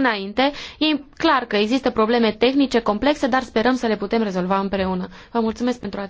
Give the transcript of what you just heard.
înainte. E clar că există probleme tehnice complexe, dar sperăm să le putem rezolva împreună. Vă mulțumesc pentru atenție.